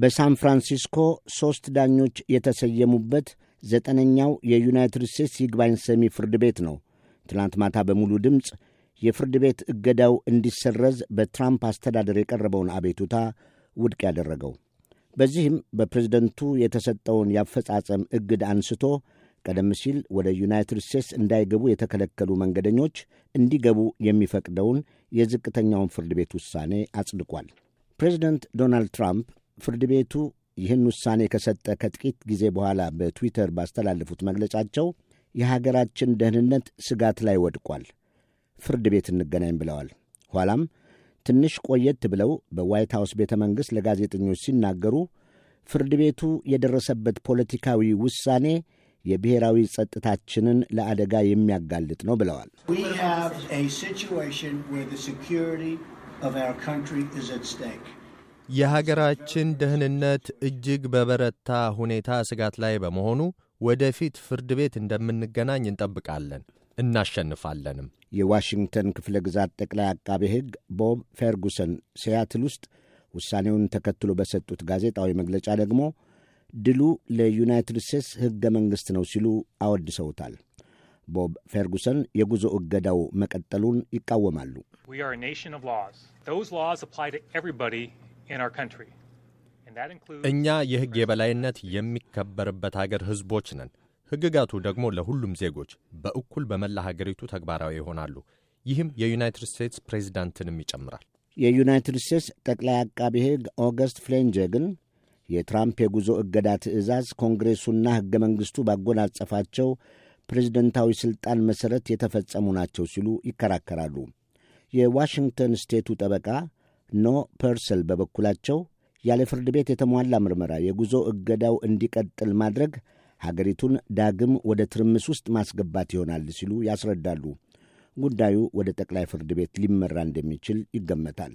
በሳን ፍራንሲስኮ ሦስት ዳኞች የተሰየሙበት ዘጠነኛው የዩናይትድ ስቴትስ ይግባኝ ሰሚ ፍርድ ቤት ነው ትናንት ማታ በሙሉ ድምፅ የፍርድ ቤት እገዳው እንዲሰረዝ በትራምፕ አስተዳደር የቀረበውን አቤቱታ ውድቅ ያደረገው። በዚህም በፕሬዝደንቱ የተሰጠውን የአፈጻጸም እግድ አንስቶ ቀደም ሲል ወደ ዩናይትድ ስቴትስ እንዳይገቡ የተከለከሉ መንገደኞች እንዲገቡ የሚፈቅደውን የዝቅተኛውን ፍርድ ቤት ውሳኔ አጽድቋል። ፕሬዚደንት ዶናልድ ትራምፕ ፍርድ ቤቱ ይህን ውሳኔ ከሰጠ ከጥቂት ጊዜ በኋላ በትዊተር ባስተላለፉት መግለጫቸው የሀገራችን ደህንነት ስጋት ላይ ወድቋል፣ ፍርድ ቤት እንገናኝ ብለዋል። ኋላም ትንሽ ቆየት ብለው በዋይት ሃውስ ቤተ መንግሥት ለጋዜጠኞች ሲናገሩ ፍርድ ቤቱ የደረሰበት ፖለቲካዊ ውሳኔ የብሔራዊ ጸጥታችንን ለአደጋ የሚያጋልጥ ነው ብለዋል። የሀገራችን ደህንነት እጅግ በበረታ ሁኔታ ስጋት ላይ በመሆኑ ወደፊት ፍርድ ቤት እንደምንገናኝ እንጠብቃለን፣ እናሸንፋለንም። የዋሽንግተን ክፍለ ግዛት ጠቅላይ አቃቤ ሕግ ቦብ ፌርጉሰን ሲያትል ውስጥ ውሳኔውን ተከትሎ በሰጡት ጋዜጣዊ መግለጫ ደግሞ ድሉ ለዩናይትድ ስቴትስ ሕገ መንግሥት ነው ሲሉ አወድሰውታል። ቦብ ፌርጉሰን የጉዞ እገዳው መቀጠሉን ይቃወማሉ። እኛ የሕግ የበላይነት የሚከበርበት አገር ሕዝቦች ነን። ሕግጋቱ ደግሞ ለሁሉም ዜጎች በእኩል በመላ ሀገሪቱ ተግባራዊ ይሆናሉ። ይህም የዩናይትድ ስቴትስ ፕሬዚዳንትንም ይጨምራል። የዩናይትድ ስቴትስ ጠቅላይ አቃቢ ሕግ ኦገስት ፍሌንጀ ግን የትራምፕ የጉዞ እገዳ ትዕዛዝ ኮንግሬሱና ሕገ መንግሥቱ ባጎናጸፋቸው ፕሬዝደንታዊ ሥልጣን መሠረት የተፈጸሙ ናቸው ሲሉ ይከራከራሉ። የዋሽንግተን ስቴቱ ጠበቃ ኖ ፐርሰል በበኩላቸው ያለ ፍርድ ቤት የተሟላ ምርመራ የጉዞ እገዳው እንዲቀጥል ማድረግ ሀገሪቱን ዳግም ወደ ትርምስ ውስጥ ማስገባት ይሆናል ሲሉ ያስረዳሉ። ጉዳዩ ወደ ጠቅላይ ፍርድ ቤት ሊመራ እንደሚችል ይገመታል።